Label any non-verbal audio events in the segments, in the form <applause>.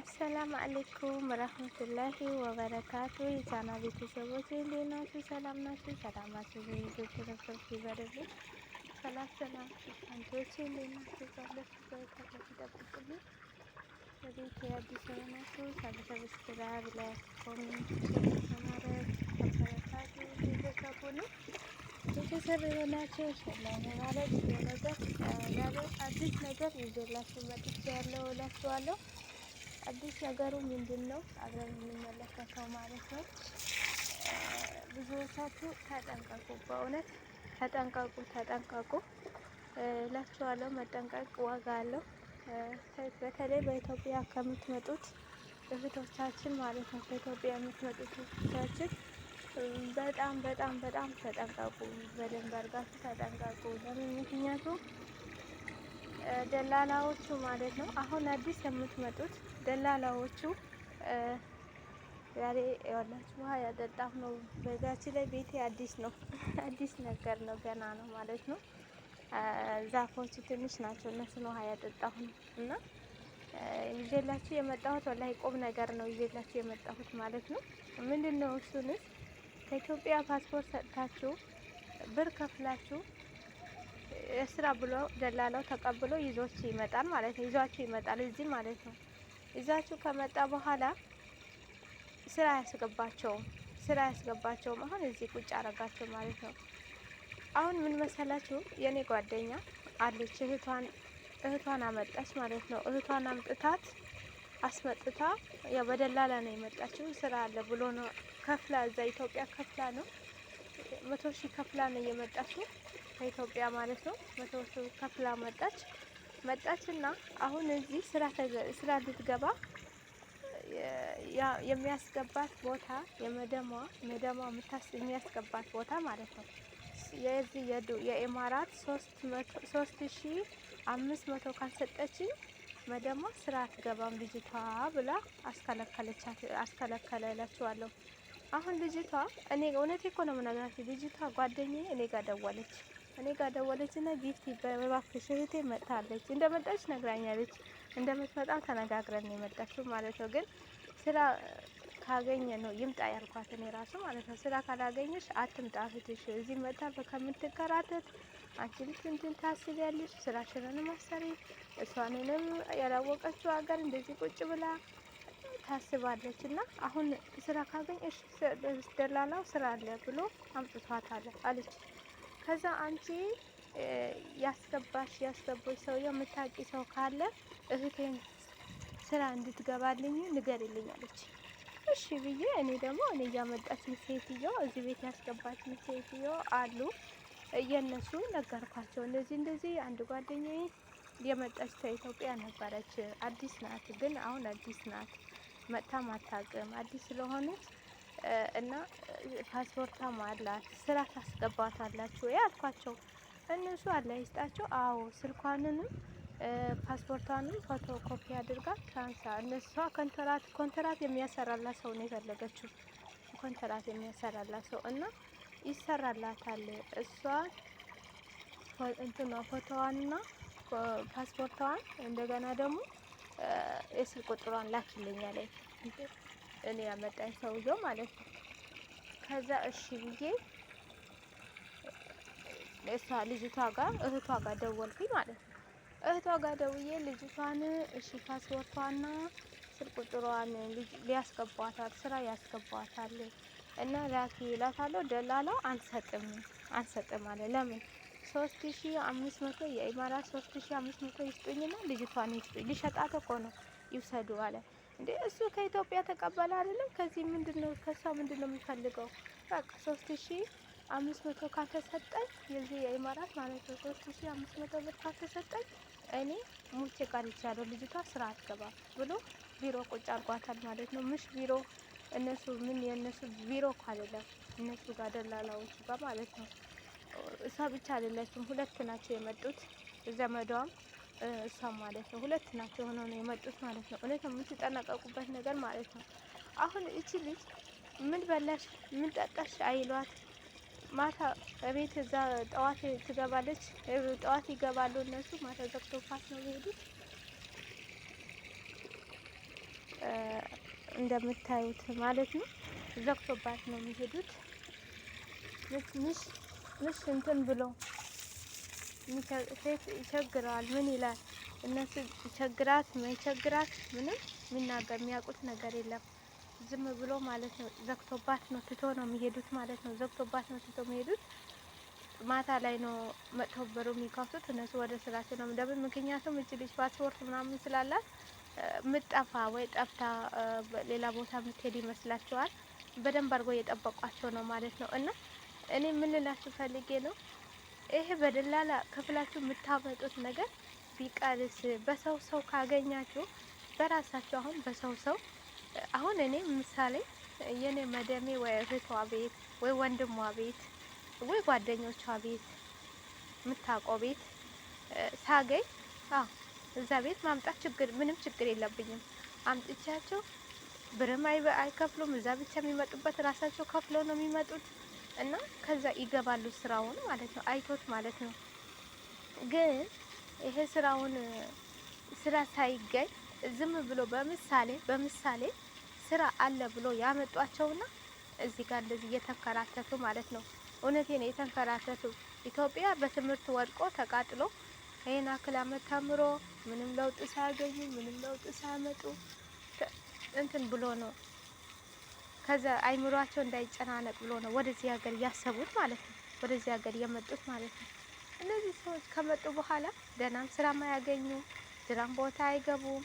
አሰላም አሌይኩም ረህመቱላሂ ወበረካቱ የቻና ቤተሰቦች እንዴት ናችሁ? ሰላም ናችሁ? ሰላማችሁ በይዞች ነበር ይበርልኝ። ሰላም ሰላም አንቶች እንዴት ናችሁ? ካለችሁ በረከት ይጠብቅልኝ። በቤት የአዲስ የሆናችሁ ሰብስክራይብ፣ ላይክ፣ ኮሜንት በማድረግ አበረታቱ ቤተሰቡ ነው። ቤተሰብ የሆናችሁ ሸላይ በማለት የነገር ዛሬ አዲስ ነገር ይዤላችሁ መጥቼ ያለው እላችኋለሁ አዲስ ነገሩ ምንድን ነው? አብረን የምንመለከተው ማለት ነው። ብዙዎቻችሁ ተጠንቀቁ፣ በእውነት ተጠንቀቁ፣ ተጠንቀቁ እላችኋለሁ። መጠንቀቅ ዋጋ አለው። በተለይ በኢትዮጵያ ከምትመጡት እህቶቻችን ማለት ነው። ከኢትዮጵያ የምትመጡት እህቶቻችን በጣም በጣም በጣም ተጠንቀቁ። በደንብ አድርጋችሁ ተጠንቀቁ። ለምን ምክንያቱም ደላላዎቹ ማለት ነው። አሁን አዲስ የምትመጡት ደላላዎቹ ዛሬ ያላችሁ ውሃ ያጠጣሁ ነው። በዛችን ላይ ቤቴ አዲስ ነው፣ <laughs> አዲስ ነገር ነው፣ ገና ነው ማለት ነው። ዛፎቹ ትንሽ ናቸው፣ እነሱን ውሃ ያጠጣሁ ነው እና ይዤላችሁ የመጣሁት ወላሂ ቁም ነገር ነው ይዤላችሁ የመጣሁት ማለት ነው። ምንድን ነው እሱንስ ከኢትዮጵያ ፓስፖርት ሰጥታችሁ ብር ከፍላችሁ ስራ ብሎ ደላላው ተቀብሎ ይዞች ይመጣል ማለት ነው። ይዟችሁ ይመጣል እዚህ ማለት ነው። ይዛችሁ ከመጣ በኋላ ስራ አያስገባቸውም። ስራ አያስገባቸውም። አሁን እዚህ ቁጭ አረጋቸው ማለት ነው። አሁን ምን መሰላችሁ፣ የእኔ ጓደኛ አለች እህቷን እህቷን አመጣች ማለት ነው። እህቷን አምጥታት አስመጥታ ያው በደላላ ነው የመጣችው። ስራ አለ ብሎ ነው ከፍላ እዛ ኢትዮጵያ ከፍላ ነው መቶ ሺህ ከፍላ ነው እየመጣችው ከኢትዮጵያ ማለት ነው። መቶ ሺህ ከፍላ መጣች መጣች መጣችና አሁን እዚህ ስራ ልትገባ የሚያስገባት ቦታ የመደሟ መደሟ የሚያስገባት ቦታ ማለት ነው። የዚህ የዱ የኢማራት ሶስት ሺ አምስት መቶ ካልሰጠችኝ መደሟ ስራ አትገባም ልጅቷ ብላ አስከለከለላችኋለሁ። አሁን ልጅቷ እኔ እውነቴ እኮ ነው የምነግራችሁ። ልጅቷ ጓደኛዬ እኔ ጋር ደወለች። እኔ ጋር ደወለችና ጊፍት እባክሽ እህቴ መጥታለች እንደመጣች ነግራኛለች። እንደምትመጣ ተነጋግረን የመጣችው ማለት ነው። ግን ስራ ካገኘ ነው ይምጣ ያልኳት እኔ ራሱ ማለት ነው። ስራ ካላገኘሽ አትምጣ እህትሽ እዚህ መጥታ ከምትከራተት አንቺ ልጅ እንትን ታስቢያለሽ፣ ስራሽንም ማሰሪ፣ እሷንንም ያላወቀችው ሀገር እንደዚህ ቁጭ ብላ ታስባለች። እና አሁን ስራ ካገኘሽ ደላላው ስራ አለ ብሎ አምጥቷታል አለች። ከዛ አንቺ ያስገባሽ ያስገባሽ ሰው የምታውቂ ሰው ካለ እህቴን ስራ እንድትገባልኝ ንገርልኝ አለች። እሺ ብዬ እኔ ደግሞ እኔ እያመጣችኝ ሴትዮ እዚህ ቤት ያስገባችኝ ሴትዮ አሉ እየነሱ ነገርኳቸው። እንደዚህ እንደዚህ አንድ ጓደኛ የመጣች ከኢትዮጵያ ነበረች። አዲስ ናት፣ ግን አሁን አዲስ ናት መጥታም አታውቅም። አዲስ ስለሆነች እና ፓስፖርታም አላት ስራ ታስገባታላችሁ አልኳቸው። እነሱ አላ ይስጣቸው። አዎ ስልኳንንም ፓስፖርቷንም ፎቶ ኮፒ አድርጋ ትራንሳ እነሷ ኮንትራት ኮንትራት የሚያሰራላት ሰው ነው የፈለገችው ኮንትራት የሚያሰራላት ሰው እና ይሰራላታል። እሷ እንትኗ ፎቶዋንና ፓስፖርቷን እንደገና ደግሞ የስልክ ቁጥሯን ላኪልኛለች። እኔ ያመጣኝ ሰውየው ማለት ነው። ከዛ እሺ ብዬ እሷ ልጅቷ ጋር እህቷ ጋር ደወልኩኝ ማለት ነው። እህቷ ጋር ደውዬ ልጅቷን እሺ ፓስወርቷና ስልክ ቁጥሯን ሊያስገቧታል ስራ ያስገቧታል እና ላኪ ይላታለሁ። ደላላው አንሰጥም አንሰጥም አለ። ለምን ሶስት ሺ አምስት መቶ የኢማራት ሶስት ሺ አምስት መቶ ይስጡኝና ልጅቷን ይስጡኝ ልሸጣት እኮ ነው ይውሰዱ አለ። እንዴ እሱ ከኢትዮጵያ ተቀበለ አይደለም። ከዚህ ምንድን ነው ከሷ ምንድን ነው የሚፈልገው? በቃ ሶስት ሺ አምስት መቶ ካልተሰጠኝ የዚህ የኢማራት ማለት ነው ሶስት ሺ አምስት መቶ ብር ካልተሰጠኝ እኔ ሙቼ ቀርቻለሁ፣ ልጅቷ ስራ አትገባ ብሎ ቢሮ ቁጭ አርጓታል ማለት ነው። ምሽ ቢሮ እነሱ ምን የእነሱ ቢሮ እኮ አይደለም እነሱ ጋር ደላላዎቹ ጋር ማለት ነው። እሷ ብቻ አይደለችም፣ ሁለት ናቸው የመጡት ዘመዷም እሷም ማለት ነው። ሁለት ናቸው ሆነው ነው የመጡት ማለት ነው። እውነት የምትጠነቀቁበት ነገር ማለት ነው። አሁን እቺ ልጅ ምን በላሽ፣ ምን ጠጣሽ አይሏት። ማታ ቤት እዛ ጠዋት ትገባለች፣ ጠዋት ይገባሉ እነሱ። ማታ ዘግቶባት ነው የሄዱት። እንደምታዩት ማለት ነው። ዘግቶባት ነው የሚሄዱት ምሽ ምሽ እንትን ብሎ ሴት ይቸግረዋል። ምን ይላል እነሱ ይቸግራት መቸግራት ምንም የሚናገር የሚያውቁት ነገር የለም። ዝም ብሎ ማለት ነው ዘግቶባት ነው ትቶ ነው የሚሄዱት ማለት ነው። ዘግቶባት ነው ትቶ የሚሄዱት ማታ ላይ ነው መጥቶ በሩ የሚከፍቱት እነሱ ወደ ስራቸው ነው። እንደምን ምክንያቱም እች ልጅ ፓስፖርት ምናምን ስላላት ምጠፋ ወይ ጠፍታ ሌላ ቦታ ምትሄድ ይመስላቸዋል። በደንብ አድርጎ እየጠበቋቸው ነው ማለት ነው። እና እኔ ምን ልላችሁ ፈልጌ ነው ይሄ በደላላ ከፍላችሁ የምታመጡት ነገር ቢቀርስ በሰው ሰው ካገኛችሁ በራሳችሁ አሁን በሰው ሰው አሁን እኔ ምሳሌ የኔ መደሜ ወይ እህቷ ቤት ወይ ወንድሟ ቤት ወይ ጓደኞቿ ቤት የምታውቀው ቤት ሳገኝ አዎ እዛ ቤት ማምጣት ችግር ምንም ችግር የለብኝም። አምጥቻቸው ብርም አይከፍሉም። እዛ ብቻ የሚመጡበት ራሳቸው ከፍለው ነው የሚመጡት። እና ከዛ ይገባሉ ስራውን ማለት ነው፣ አይቶት ማለት ነው። ግን ይሄ ስራውን ስራ ሳይገኝ ዝም ብሎ በምሳሌ በምሳሌ ስራ አለ ብሎ ያመጧቸውና እዚህ ጋር እንደዚህ እየተንከራተቱ ማለት ነው። እውነቴ ነው የተንከራተቱ። ኢትዮጵያ በትምህርት ወድቆ ተቃጥሎ ይህን አክል አመት ተምሮ ምንም ለውጥ ሳያገኙ ምንም ለውጥ ሳያመጡ እንትን ብሎ ነው ከዛ አይምሯቸው እንዳይጨናነቅ ብሎ ነው ወደዚህ ሀገር ያሰቡት ማለት ነው፣ ወደዚህ ሀገር የመጡት ማለት ነው። እነዚህ ሰዎች ከመጡ በኋላ ደህናም ስራም አያገኙም፣ ስራም ቦታ አይገቡም።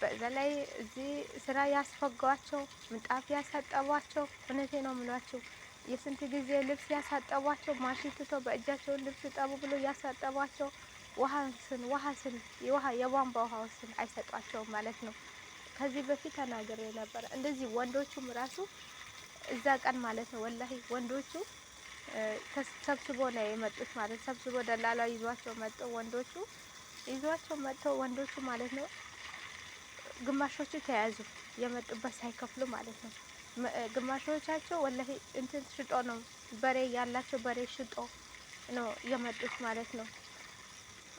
በዛ ላይ እዚህ ስራ ያስፈጓቸው፣ ምንጣፍ ያሳጠቧቸው፣ እውነቴ ነው ምሏቸው የስንት ጊዜ ልብስ ያሳጠቧቸው፣ ማሽን ትቶ በእጃቸውን ልብስ ጠቡ ብሎ ያሳጠቧቸው። ውሃ ስን ውሃ ስን የውሃ የቧንቧ ውሃ ስን አይሰጧቸውም ማለት ነው። ከዚህ በፊት ተናግሬ ነበረ። እንደዚህ ወንዶቹም ራሱ እዛ ቀን ማለት ነው ወላሂ ወንዶቹ ተሰብስቦ ነው የመጡት ማለት ሰብስቦ ደላላ ይዟቸው መጥተው ወንዶቹ ይዟቸው መጥተው ወንዶቹ ማለት ነው ግማሾቹ ተያዙ የመጡበት ሳይከፍሉ ማለት ነው። ግማሾቻቸው ወላሂ እንትን ሽጦ ነው በሬ ያላቸው በሬ ሽጦ ነው የመጡት ማለት ነው።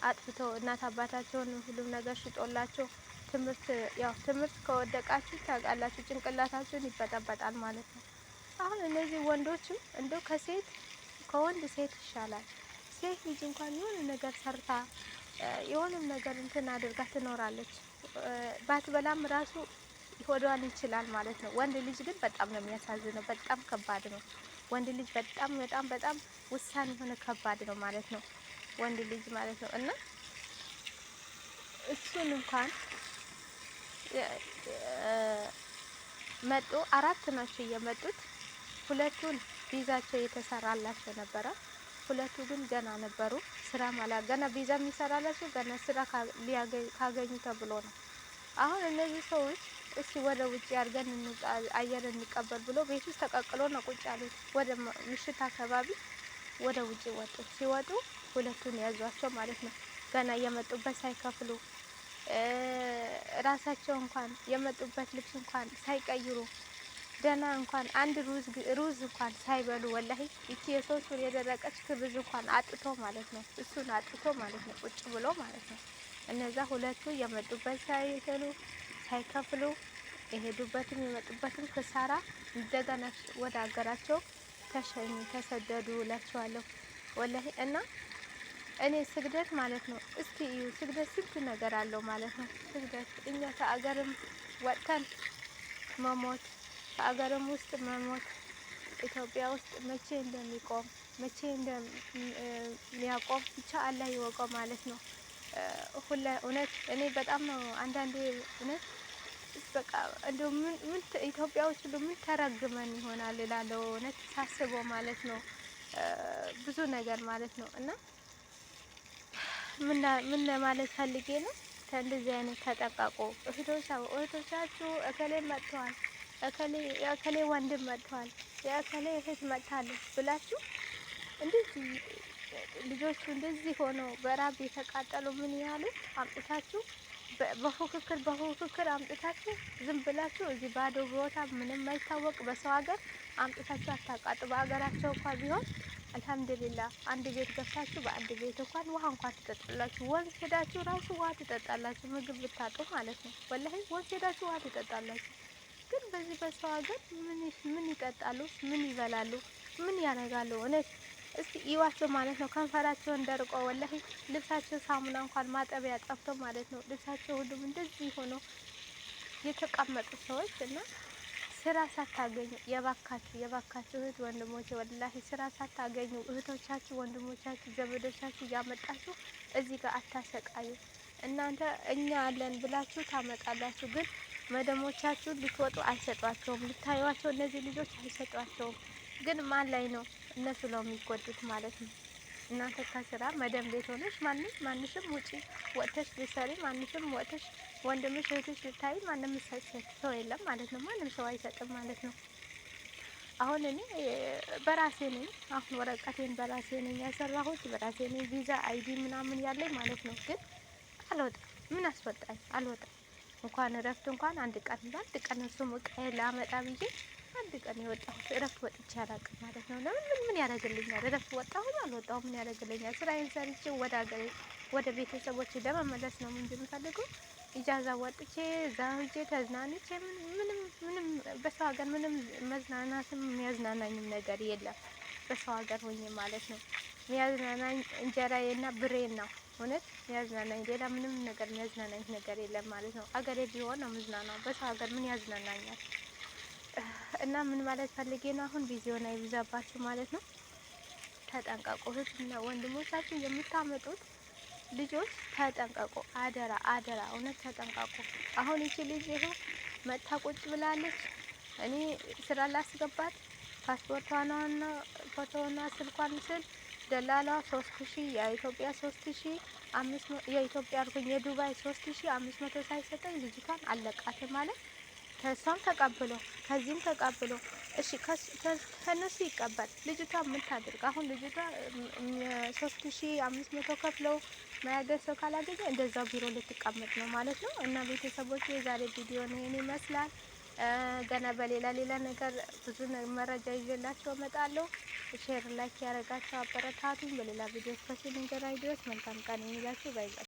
አጥፍተው እናት አባታቸውን ሁሉም ነገር ሽጦላቸው ትምህርት ያው ትምህርት ከወደቃችሁ ታውቃላችሁ፣ ጭንቅላታችሁን ይበጠበጣል ማለት ነው። አሁን እነዚህ ወንዶችም እንደው ከሴት ከወንድ ሴት ይሻላል። ሴት ልጅ እንኳን የሆነ ነገር ሰርታ የሆነም ነገር እንትን አድርጋ ትኖራለች። ባትበላም ራሱ ሆዷን ይችላል ማለት ነው። ወንድ ልጅ ግን በጣም ነው የሚያሳዝነው። በጣም ከባድ ነው። ወንድ ልጅ በጣም በጣም በጣም ውሳኔ የሆነ ከባድ ነው ማለት ነው። ወንድ ልጅ ማለት ነው እና እሱን እንኳን መጡ። አራት ናቸው እየመጡት። ሁለቱን ቪዛቸው የተሰራላቸው ነበረ። ሁለቱ ግን ገና ነበሩ ስራ ማላ ገና ቪዛ የሚሰራላቸው ገና ስራ ካገኙ ተብሎ ነው። አሁን እነዚህ ሰዎች እስቲ ወደ ውጭ አድርገን አየር እንቀበል ብሎ ቤት ውስጥ ተቀቅሎ ነው ቁጭ ያሉት። ወደ ምሽት አካባቢ ወደ ውጭ ወጡ። ሲወጡ ሁለቱን ያዟቸው ማለት ነው ገና እየመጡበት ሳይከፍሉ ራሳቸው እንኳን የመጡበት ልብስ እንኳን ሳይቀይሩ ደህና እንኳን አንድ ሩዝ ሩዝ እንኳን ሳይበሉ ወላሂ ይቺ የሶስቱን የደረቀች ክብዝ እንኳን አጥቶ ማለት ነው እሱን አጥቶ ማለት ነው ቁጭ ብሎ ማለት ነው። እነዛ ሁለቱ የመጡበት ሳይሉ ሳይከፍሉ የሄዱበትም የመጡበትም ክሳራ እንደገና ወደ ሀገራቸው ተሰደዱ እላቸዋለሁ ወላሂ እና እኔ ስግደት ማለት ነው። እስኪ እዩ ስግደት ስንት ነገር አለው ማለት ነው። ስግደት እኛ ከአገርም ወጥተን መሞት፣ ከአገርም ውስጥ መሞት ኢትዮጵያ ውስጥ መቼ እንደሚቆም መቼ እንደሚያቆም ብቻ አላህ ይወቀው ማለት ነው። ሁላ እውነት እኔ በጣም ነው አንዳንዴ እውነት በቃ እንደው ምን ውስጥ እንደው ምን ተረግመን ይሆናል እላለሁ እውነት ሳስበው ማለት ነው ብዙ ነገር ማለት ነው እና ምን ለማለት ፈልጌ ነው? ከእንደዚህ አይነት ተጠንቀቁ እህቶቻችሁ እከሌ መጥተዋል፣ የእከሌ ወንድም መጥተዋል፣ የእከሌ እህት መጥታለች ብላችሁ እንዴት ልጆቹ እንደዚህ ሆነው በራብ የተቃጠሉ ምን ያሉ አምጥታችሁ በፉክክር በፉክክር አምጥታችሁ ዝም ብላችሁ እዚህ ባዶ ቦታ ምንም አይታወቅ በሰው ሀገር አምጥታችሁ አታቃጡ። በሀገራቸው እንኳ ቢሆን አልሐምዱሊላህ አንድ ቤት ገብታችሁ በአንድ ቤት እንኳን ውሃ እንኳን ትጠጣላችሁ። ወንዝ ሄዳችሁ ራሱ ውሃ ትጠጣላችሁ፣ ምግብ ብታጡ ማለት ነው። ወላሂ ወንዝ ሄዳችሁ ውሃ ትጠጣላችሁ። ግን በዚህ በሰው ሀገር ምን ይጠጣሉ? ምን ይበላሉ? ምን ያደርጋሉ? እውነት እስቲ እዩዋቸው ማለት ነው። ከንፈራቸውን ደርቆ ወላሂ ልብሳቸው ሳሙና እንኳን ማጠቢያ ጠፍቶ ማለት ነው ልብሳቸው ሁሉም እንደዚህ ሆኖ የተቀመጡ ሰዎች እና ስራ ሳታገኙ የባካችሁ የባካችሁ እህት ወንድሞች ወላሂ ስራ ሳታገኙ እህቶቻችሁ ወንድሞቻችሁ ዘመዶቻችሁ እያመጣችሁ እዚህ ጋር አታሰቃዩ። እናንተ እኛ አለን ብላችሁ ታመጣላችሁ፣ ግን መደሞቻችሁ ልትወጡ አይሰጧቸውም። ልታዩዋቸው እነዚህ ልጆች አይሰጧቸውም። ግን ማን ላይ ነው እነሱ ነው የሚጎዱት ማለት ነው። እናንተ ከስራ መደም ቤት ሆነሽ ማንም ማንሽም ውጪ ወጥተሽ ልትሰሪ ማንሽም ወጥተሽ ወንድምሽ እህትሽ ልታይ ማንም ሰት ሰው የለም ማለት ነው። ማንም ሰው አይሰጥም ማለት ነው። አሁን እኔ በራሴ ነኝ። አሁን ወረቀቴን በራሴ ነኝ ያሰራሁት በራሴ ነኝ። ቪዛ አይዲ ምናምን ያለኝ ማለት ነው። ግን አልወጣም። ምን አስወጣኝ? አልወጣም። እንኳን እረፍት እንኳን አንድ ቀን አንድ ቀን እሱም እቃዬ ላመጣ ብዬ አንድ ቀን የወጣሁት እረፍት ወጥቼ አላውቅም ማለት ነው። ለምን ምን ምን ያደርግልኛል? እረፍት ወጣሁም አልወጣሁም ምን ያደርግልኛል? ስራዬን ሰርቼ ወደ ሀገሬ ወደ ቤተሰቦቼ ለመመለስ ነው እንጂ የምፈልገው ኢጃዛ ወጥቼ እዛ ሂጄ ተዝናንቼ ምንም ምንም በሰው ሀገር ምንም መዝናናትም የሚያዝናናኝም ነገር የለም። በሰው ሀገር ሆኜ ማለት ነው የሚያዝናናኝ እንጀራዬና ብሬን ነው። እውነት የሚያዝናናኝ ሌላ ምንም ነገር የሚያዝናናኝ ነገር የለም ማለት ነው። አገሬ ቢሆን ነው ምዝናናው። በሰው ሀገር ምን ያዝናናኛል? እና ምን ማለት ፈልጌ ነው አሁን ቪዲዮን አይብዛባችሁ ማለት ነው። ተጠንቀቁ። እህትና ወንድሞቻችሁ የምታመጡት ልጆች ተጠንቀቁ። አደራ አደራ፣ እውነት ተጠንቀቁ። አሁን ይቺ ልጅ ይኸው መጥታ ቁጭ ብላለች። እኔ ስራ ላስገባት ፓስፖርቷንና ፎቶና ስልኳን ስል ደላላ ሶስት ሺ የኢትዮጵያ ሶስት ሺ አምስት የኢትዮጵያ አልኩኝ የዱባይ ሶስት ሺ አምስት መቶ ሳይሰጠኝ ልጅቷን አለቃት ማለት ከእሷም ተቀብሎ ከዚህም ተቀብሎ እሺ ከነሱ ይቀበል። ልጅቷ ምን ታድርግ? አሁን ልጅቷ ሶስት ሺ አምስት መቶ ከፍለው መያገኝ ሰው ካላገኘ እንደዛ ቢሮ ልትቀመጥ ነው ማለት ነው። እና ቤተሰቦች የዛሬ ቪዲዮ ነው ይህን ይመስላል። ገና በሌላ ሌላ ነገር ብዙ መረጃ ይዤላቸው እመጣለሁ። ሼር ላይክ ያደረጋቸው አበረታቱኝ። በሌላ ቪዲዮ እስከ ስንገናኝ ድረስ መልካም ቀን የሚላችሁ ባይ ባይ።